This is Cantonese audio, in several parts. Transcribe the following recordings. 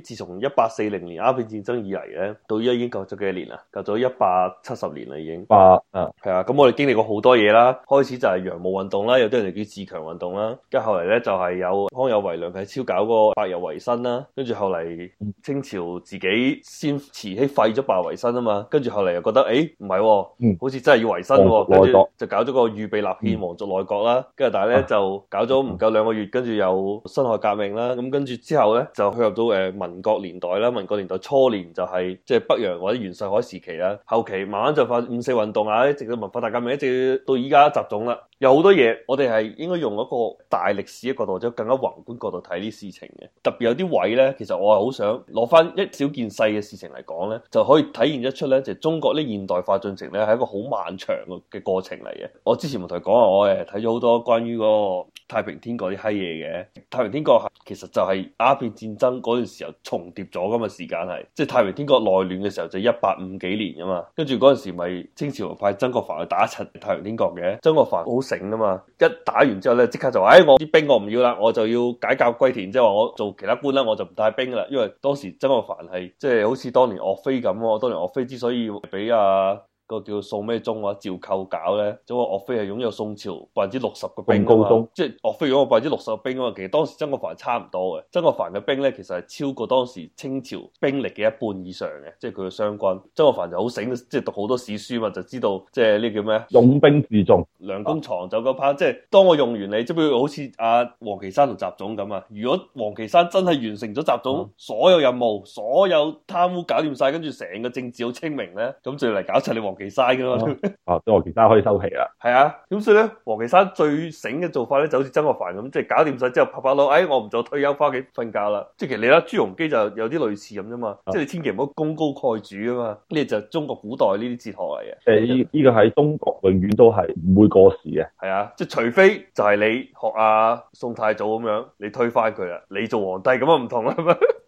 自從一八四零年鴉片戰爭以嚟咧，到依家已經過咗幾多年啦，過咗一百七十年啦已經。百啊八，係啊，咁我哋經歷過好多嘢啦，開始就係洋務運動啦，有啲人哋叫自強運動啦，跟住後嚟咧就係有康有為梁啟超搞個百日維新啦，跟住後嚟清朝自己先慈禧廢咗百日維新啊嘛，跟住後嚟又覺得誒唔係喎，欸喔嗯、好似真係要維新喎，跟住就搞咗個預備立憲皇族內閣啦，跟住但係咧就搞咗唔夠兩個月，跟住有辛亥革命啦，咁跟住之後咧就去入到誒民國年代啦，民國年代初年就係、是，即係北洋或者袁世凱時期啦，後期慢慢就發五四運動啊，一直到文化大革命，一直到依家集中啦，有好多嘢我哋係應該用一個大歷史嘅角度或者更加宏觀角度睇啲事情嘅，特別有啲位咧，其實我係好想攞翻一小件細嘅事情嚟講咧，就可以體現一出咧，就是、中國呢現代化進程咧係一個好漫長嘅過程嚟嘅。我之前咪同你講啊，我誒睇咗好多關於嗰個太平天國啲閪嘢嘅，太平天國係其實就係鴉片戰爭嗰陣時候。重疊咗咁嘅時間係，即係太平天國內亂嘅時候就一八五幾年噶嘛，跟住嗰陣時咪清朝派曾國藩去打陳太平天國嘅，曾國藩好醒噶嘛，一打完之後咧即刻就話，哎我啲兵我唔要啦，我就要解甲歸田，即係話我做其他官啦，我就唔帶兵噶啦，因為當時曾國藩係即係好似當年岳飛咁，當年岳飛之所以俾阿、啊。個叫宋咩宗啊？趙構搞咧，就係岳飛係擁有宋朝百分之六十嘅兵，啊、高宗嘛，即係岳飛擁有百分之六十兵啊嘛。其實當時曾國藩差唔多嘅，曾國藩嘅兵咧其實係超過當時清朝兵力嘅一半以上嘅，即係佢嘅湘軍。曾國藩就好醒，即係讀好多史書嘛，就知道即係呢叫咩？擁兵自重，良弓藏嗰 part 即係當我用完你，即係譬如好似阿黃岐山同習總咁啊。如果黃岐山真係完成咗習總、啊、所有任務，所有貪污搞掂晒，跟住成個政治好清明咧，咁就要嚟搞齊你黃。其嘥嘅咯，哦、 啊，即王岐山可以收皮啦，係 啊，咁所以咧，王岐山最醒嘅做法咧，就好似曾國藩咁，即係搞掂晒之後拍拍落。哎，我唔做退休返屋企瞓覺啦，即係其實你啦，朱鎔基就有啲類似咁啫嘛，啊、即係你千祈唔好功高蓋主啊嘛，呢、這個、就係中國古代呢啲哲學嚟嘅。誒、呃，呢、這、呢個喺中國永遠都係唔會過時嘅，係 啊，即係除非就係你學阿、啊、宋太祖咁樣，你推翻佢啦，你做皇帝咁啊唔同啦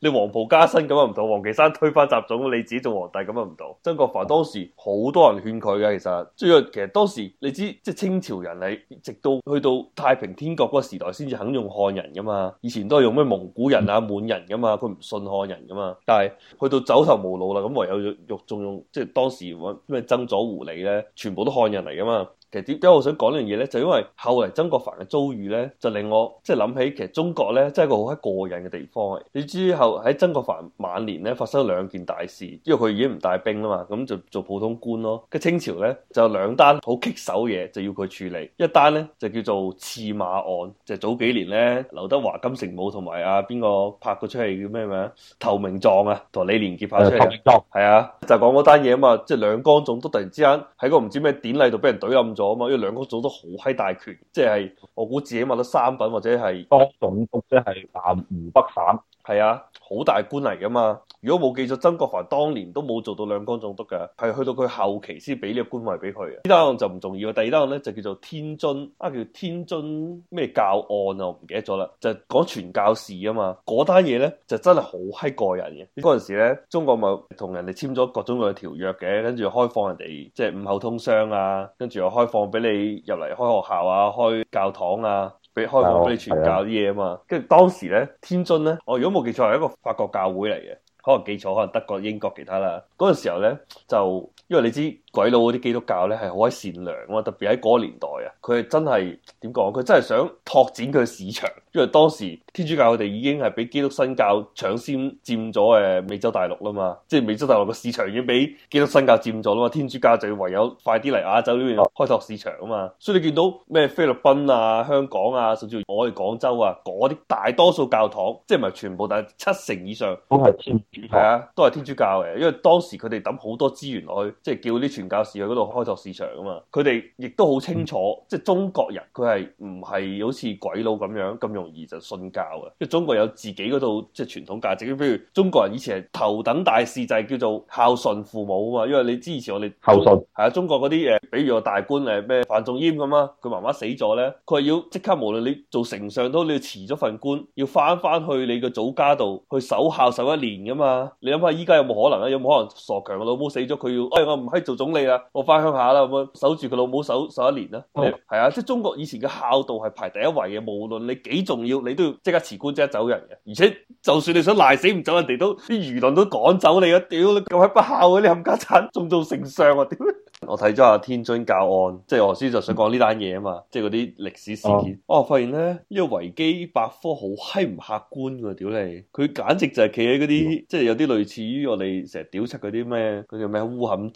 你黃袍加身咁又唔同，黃岐山推翻習總，你自己做皇帝咁又唔同。曾國藩當時好多人勸佢嘅，其實主要其實當時你知，即係清朝人係直到去到太平天國嗰個時代先至肯用漢人噶嘛，以前都係用咩蒙古人啊、滿人噶嘛，佢唔信漢人噶嘛。但係去到走投無路啦，咁唯有欲重用，即係當時咩曾左胡李咧，全部都漢人嚟噶嘛。其實點解我想講呢樣嘢咧？就因為後嚟曾國藩嘅遭遇咧，就令我即係諗起，其實中國咧真係一個好喺過癮嘅地方嘅。你知後喺曾國藩晚年咧發生兩件大事，因為佢已經唔帶兵啦嘛，咁就做普通官咯。跟清朝咧就兩單好棘手嘢，就要佢處理。一單咧就叫做刺馬案，就係，早幾年咧劉德華、華金城武同埋啊邊個拍嗰出戲叫咩名？投名狀啊，同李連杰拍出嚟，係啊，就講嗰單嘢啊嘛，即係兩江總督突然之間喺個唔知咩典禮度俾人懟冧。咗嘛，因為兩個組都好閪大權，即、就、係、是、我估自己買得三品或者係當總督，即係南湖北省。係啊，好大官嚟噶嘛！如果冇記錯，曾國藩當年都冇做到兩江總督嘅，係去到佢後期先俾呢個官位俾佢。呢單案就唔重要，第二單案咧就叫做天津啊，叫天津咩教案啊，我唔記得咗啦。就係講傳教士啊嘛，嗰單嘢咧就真係好閪個人嘅。嗰陣時咧，中國咪同人哋簽咗各種各樣條約嘅，跟住開放人哋即係五口通商啊，跟住又開放俾你入嚟開學校啊，開教堂啊。俾開放俾你傳教啲嘢啊嘛，跟住當時咧，天津咧，我如果冇記錯係一個法國教會嚟嘅，可能記錯，可能德國、英國其他啦。嗰陣時候咧，就因為你知鬼佬嗰啲基督教咧係好閪善良啊，特別喺嗰年代啊，佢係真係點講？佢真係想拓展佢市場，因為當時天主教佢哋已經係俾基督新教搶先占咗誒美洲大陸啦嘛，即係美洲大陸個市場已經俾基督新教占咗啦嘛，天主教就要唯有快啲嚟亞洲呢邊開拓市場啊嘛，所以你見到咩菲律賓啊、香港啊，甚至於我哋廣州啊嗰啲大多數教堂，即係唔係全部，但係七成以上都係天主係啊，都係天主教嘅。因為當時佢哋抌好多資源落去，即係叫啲傳教士去嗰度開拓市場啊嘛。佢哋亦都好清楚，即係中國人佢係唔係好似鬼佬咁樣咁容。就信教啊，即係中國有自己嗰套即係傳統價值，咁譬如中國人以前係頭等大事就係、是、叫做孝順父母啊嘛，因為你支持我哋孝順順係啊，中國嗰啲誒，比如個大官誒咩范仲淹咁啊，佢媽媽死咗咧，佢係要即刻無論你做丞相都你要辭咗份官，要翻翻去你個祖家度去守孝守一年噶嘛，你諗下依家有冇可能咧？有冇可能傻強個老母死咗，佢要、哎、我唔可以做總理啊，我翻鄉下啦咁啊，守住佢老母守守一年？啊？係、哦、啊，即係中國以前嘅孝道係排第一位嘅，無論你幾做。重要你都要即刻辭官，即刻走人嘅，而且就算你想賴死唔走人家，人哋都啲輿論都趕走你了麼麼啊！屌你咁鬼不孝嘅，你冚家鏟仲做丞相啊！屌！我睇咗下天津教案，即係我先就想講呢單嘢啊嘛，即係嗰啲歷史事件，啊、我發現咧呢個維基百科好閪唔客觀噶，屌你，佢簡直就係企喺嗰啲，嗯、即係有啲類似於我哋成日屌出嗰啲咩，嗰啲咩烏坎，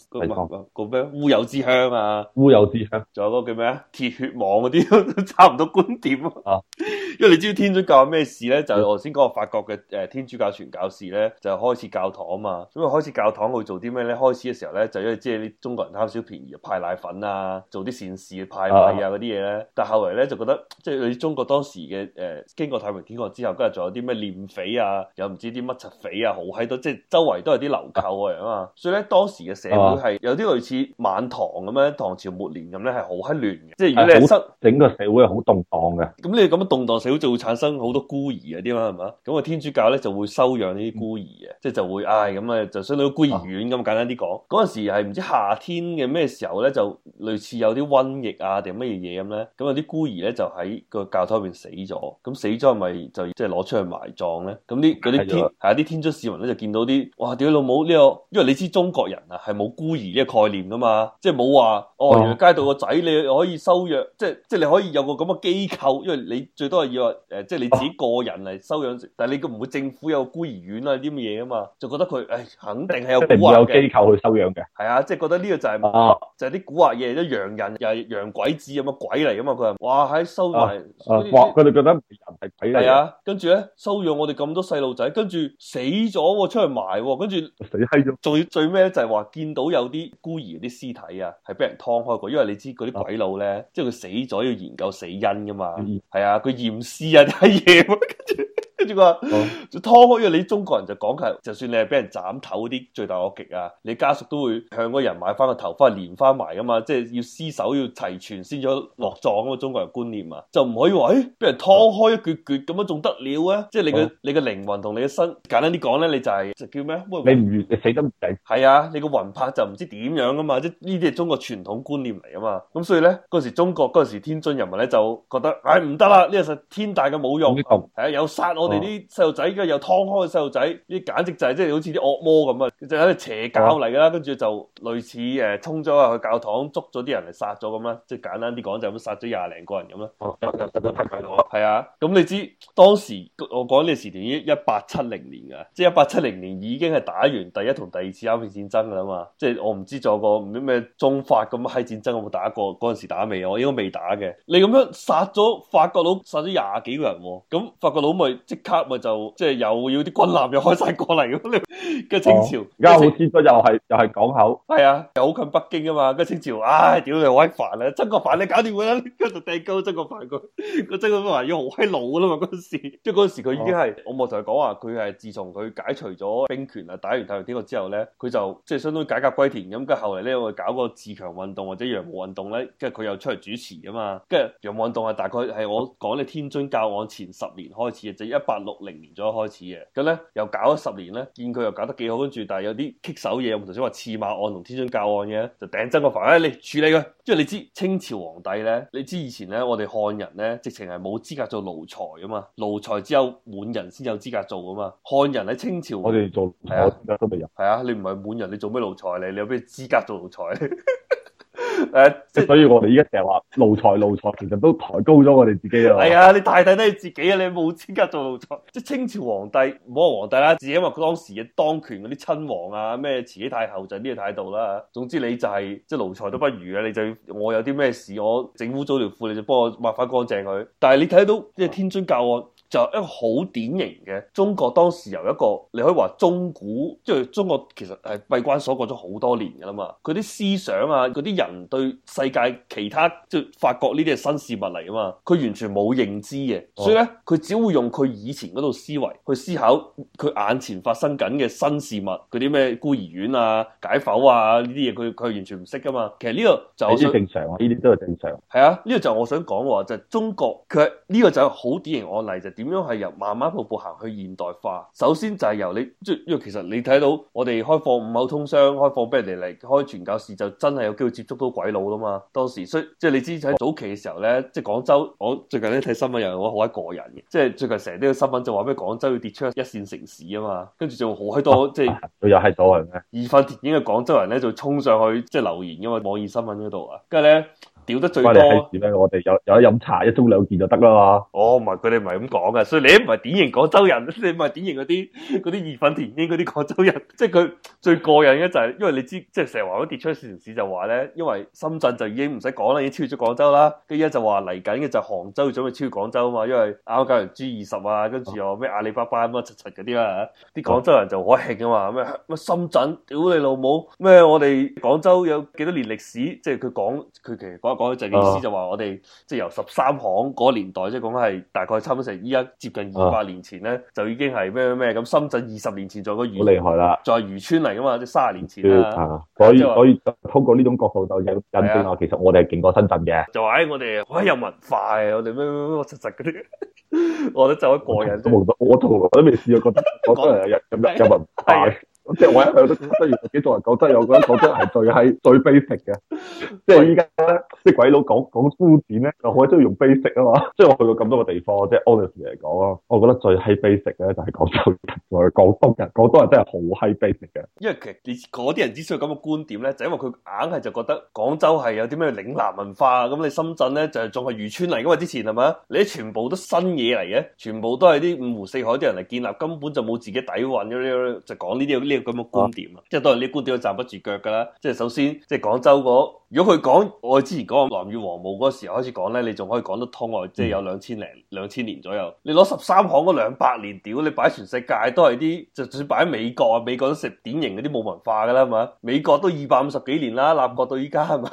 個咩烏有之鄉啊，烏有之鄉，仲有，有個叫咩啊鐵血網嗰啲，都差唔多觀點啊， 因為你知道天津教案咩事咧，就係我先講個法國嘅誒天主教傳教士咧，就開始教堂啊嘛，咁啊開始教堂去做啲咩咧？開始嘅時候咧，就因為即係啲中國人少便宜派奶粉啊，做啲善事派米啊嗰啲嘢咧，但後嚟咧就覺得即係你中國當時嘅誒、呃，經過太平天國之後，今日仲有啲咩捻匪啊，又唔知啲乜賊匪啊，好喺度，即係周圍都係啲流寇啊嘛，所以咧當時嘅社會係有啲類似晚唐咁樣，唐朝末年咁咧係好閪亂嘅，即係如果你好失、啊、整個社會係好動盪嘅，咁你咁樣動盪社會就會產生好多孤兒啊啲嘛係嘛，咁啊天主教咧就會收養呢啲孤兒、嗯、啊，即係就會唉咁啊就相當於孤兒院咁、啊、簡單啲講，嗰陣時係唔知夏天咩時候咧就類似有啲瘟疫啊定乜嘢嘢咁咧？咁有啲孤兒咧就喺個教堂入邊死咗，咁死咗係咪就即係攞出去埋葬咧？咁啲啲天係的啊，啲天津市民咧就見到啲哇屌老母呢、呢個，因為你知中國人啊係冇孤兒呢個概念噶嘛，即係冇話哦原來街道個仔你可以收養，即係即係你可以有個咁嘅機構，因為你最多係要誒即係你自己個人嚟收養，哇但係你都唔會政府有孤兒院啊啲咁嘢噶嘛，就覺得佢誒、哎、肯定係有一定要有機構去收養嘅，係啊，即係覺得呢個就係、是。啊！就係啲古惑嘢，都洋人又係洋鬼子咁嘅鬼嚟噶嘛？佢話哇，喺收埋佢哋覺得唔係人係鬼嚟，係啊！跟住咧收養我哋咁多細路仔，跟住死咗，出去埋。跟住死閪咗。仲要最尾就係話見到有啲孤兒啲屍體啊，係俾人劏開過，因為你知嗰啲鬼佬咧，啊、即係佢死咗要研究死因噶嘛，係的啊，佢驗屍啊啲嘢。 個、嗯、就拖開，因為你中國人就講係，就算你係俾人斬頭啲罪大惡極啊，你家屬都會向嗰人買翻個頭返嚟連翻埋噶嘛，即係要屍首要齊全先至落葬啊，中國人觀念啊，就唔可以話誒俾人拖開一橛橛咁樣仲得了啊？即係你嘅、嗯、你嘅靈魂同你嘅身，簡單啲講咧，你就係、就、叫咩？你唔你死得唔抵？係啊，你個魂魄就唔知點樣啊嘛，即係呢啲係中國傳統觀念嚟啊嘛。咁所以咧，嗰時中國嗰時天津人民咧就覺得，唉，唔得啦，呢個實天大嘅侮辱，係啊、哎、有殺我哋。嗯啲細路仔，而又劏開嘅細路仔，呢、就是、簡直就係即係好似啲惡魔咁啊！就喺度邪教嚟噶啦，跟、就、住、是 oh. 就類似誒，衝咗去教堂捉咗啲人嚟、就是、殺咗咁啦，即係簡單啲講就咁，殺咗廿零個人咁啦。哦，啊！係啊，咁你知當時我講呢個時段一八七零年啊，即係一八七零年已經係打完第一同第二次鴉片戰爭噶啦嘛。即係我唔知再個唔知咩中法咁閪戰爭有冇打過嗰陣時打未啊？我應該未打嘅。你咁樣殺咗法國佬，殺咗廿幾個人喎，咁法國佬咪即？級咪就即係又要啲軍艦又開晒過嚟咯，跟 清朝而家好似又係又係港口，係啊，又好近北京啊嘛。跟清朝，唉、哎，屌你，好閪煩啊！曾國藩你搞掂佢啦，跟住掟鳩曾國藩，佢，曾國藩話要好閪老啦嘛。嗰陣時，即係嗰陣時佢已經係、哦、我冇同佢講話，佢係自從佢解除咗兵權啊，打完大陸經過之後咧，佢就即係相當於解甲歸田。咁跟後嚟咧，我搞個自強運動或者洋務運動咧，跟住佢又出嚟主持啊嘛。跟住洋務運動係大概係我講你天津教案前十年開始嘅，就是、一八六零年左右開始嘅，咁咧又搞咗十年咧，見佢又搞得幾好，跟住但係有啲棘手嘢。我頭先話，刺馬案同天津教案嘅，就頂真個煩，哎，你處理佢。即係你知清朝皇帝咧，你知以前咧，我哋漢人咧，直情係冇資格做奴才㗎嘛，奴才只有滿人先有資格做㗎嘛，漢人喺清朝我哋做奴才，都未有係啊，你唔係滿人，你做咩奴才你？你有咩資格做奴才？ 誒，即、啊就是、所以我哋依家成日話奴才奴才，其實都抬高咗我哋自己啊。係啊、哎，你太睇低自己啊！你冇資格做奴才。即係清朝皇帝唔好話皇帝啦，只因為當時嘅當權嗰啲親王啊，咩慈禧太后就係呢個態度啦。總之你就係、是、即係奴才都不如啊！你就我有啲咩事，我整污糟條褲，你就幫我抹翻乾淨佢。但係你睇到即係天津教案。就一個好典型嘅中國當時由一個你可以話中古，即係中國其實係閉關鎖國咗好多年㗎啦嘛。佢啲思想啊，嗰啲人對世界其他即係發覺呢啲係新事物嚟啊嘛，佢完全冇認知嘅，所以咧佢只會用佢以前嗰度思維去思考佢眼前發生緊嘅新事物，嗰啲咩孤兒院啊、解剖啊呢啲嘢，佢佢完全唔識㗎嘛。其實呢個就好正常啊，呢啲都係正常。係啊，呢個就係我想講話，就係中國佢呢個就係好典型案例就。點樣係由慢慢步步行去現代化？首先就係由你，即因為其實你睇到我哋開放五口通商、開放畀人哋嚟開傳教士，就真係有機會接觸到鬼佬啦嘛。當時所以即係你知喺早期嘅時候咧，即係廣州，我最近咧睇新聞又我好鬼過癮嘅，即係最近成日都有新聞就話咩廣州要跌出一線城市啊嘛，跟住仲好閪多，即係又係多咩？熱火鐵影嘅廣州人咧就衝上去，即係留言因為，網易新聞嗰度啊，跟住咧。屌得最多、啊，我哋有有得飲茶一盅兩件就得啦嘛。哦，唔係佢哋唔係咁講嘅，所以你唔係典型廣州人，你唔係典型嗰啲嗰啲義憤填膺嗰啲廣州人，即係佢最過癮嘅就係、是，因為你知即係成日話嗰跌出城市就話咧，因為深圳就已經唔使講啦，已經超越咗廣州啦，跟住一就話嚟緊嘅就杭州準備超越廣州啊嘛，因為啱啱搞完 G 二十啊，跟住又咩阿里巴巴乜乜柒柒嗰啲啦，啲廣州人就好興啊嘛，咩咩深圳屌你老母，咩我哋廣州有幾多年歷史，即係佢講佢其實。講就意思就話我哋即係由十三行嗰年代，即係講係大概差唔多成依家接近二百年前咧，啊、就已經係咩咩咁，深圳二十年前仲個漁好厲害啦，在漁村嚟噶嘛，即係卅年前啊，所、嗯嗯、說以所以通過呢種角度就引印證下，啊、其實我哋係勁過深圳嘅。就話我哋我哋有文化，我哋咩咩咩我實實嗰啲，我都覺得真係過癮。我同我都未試過，覺得我真係有有 說有文化。即 係 我一向都覺得用自己作為講真，我覺得廣州係最係最悲 a 嘅。即係依家咧，啲鬼佬講講粗點咧，就好中意用悲 a s 啊嘛。即係我去過咁多個地方，即係 office 嚟講啊，我覺得最 h 悲 g 嘅就係廣州人，我廣東人，廣東人真係好 h 悲 g 嘅。因為其實啲嗰啲人只需要咁嘅觀點咧，就因為佢硬係就覺得廣州係有啲咩嶺南文化，咁你深圳咧就仲係漁村嚟，因為之前係咪啊？你全部都新嘢嚟嘅，全部都係啲五湖四海啲人嚟建立，根本就冇自己底藴，就講呢啲呢。咁嘅觀點啊，即係當然呢啲觀點都站不住腳㗎啦。即係首先，即係廣州嗰，如果佢講我之前講南越王墓嗰時候開始講咧，你仲可以講得通，即係有兩千零兩千年左右。你攞十三行嗰兩百年屌，你擺全世界都係啲，就算擺喺美國啊，美國都食典型嗰啲冇文化㗎啦，係嘛？美國都二百五十幾年啦，立國到依家係嘛？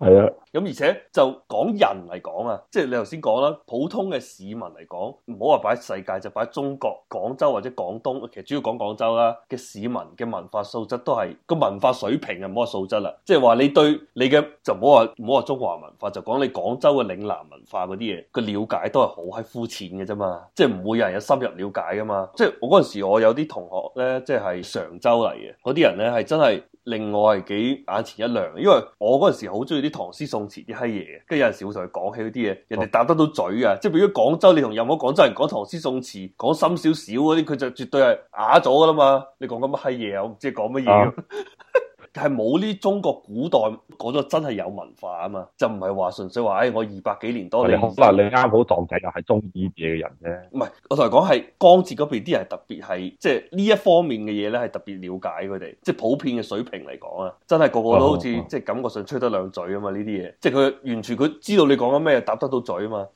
係啊。 嗯咁而且就講人嚟講啊，即係你頭先講啦，普通嘅市民嚟講，唔好話擺世界，就擺中國廣州或者廣東，其實主要講廣州啦嘅市民嘅文化素質都係個文化水平啊，唔好話素質啦，即係話你對你嘅就唔好話唔好話中華文化，就講你廣州嘅嶺南文化嗰啲嘢，個了解都係好係膚淺嘅啫嘛，即係唔會有人有深入了解噶嘛，即係我嗰陣時我有啲同學咧，即係常州嚟嘅嗰啲人咧，係真係。另外幾眼前一亮，因為我嗰陣時好中意啲唐詩宋詞啲閪嘢，跟住有陣時會同佢講起嗰啲嘢，人哋答得到嘴啊！即係比如廣州，你同任何廣州人講唐詩宋詞，講深少少嗰啲，佢就絕對係啞咗噶啦嘛！你講緊乜閪嘢？我唔知你講乜嘢。啊係冇呢，中國古代嗰種真係有文化啊嘛，就唔係話純粹話，誒我二百幾年多你。好啦，你啱好撞正又係中意嘢嘅人咧。唔係，我同你講係江浙嗰邊啲人特別係即係呢一方面嘅嘢咧，係特別了解佢哋，即係普遍嘅水平嚟講啊，真係個個都好似即係感覺上吹得兩嘴啊嘛，呢啲嘢，即係佢完全佢知道你講緊咩，答得到嘴啊嘛。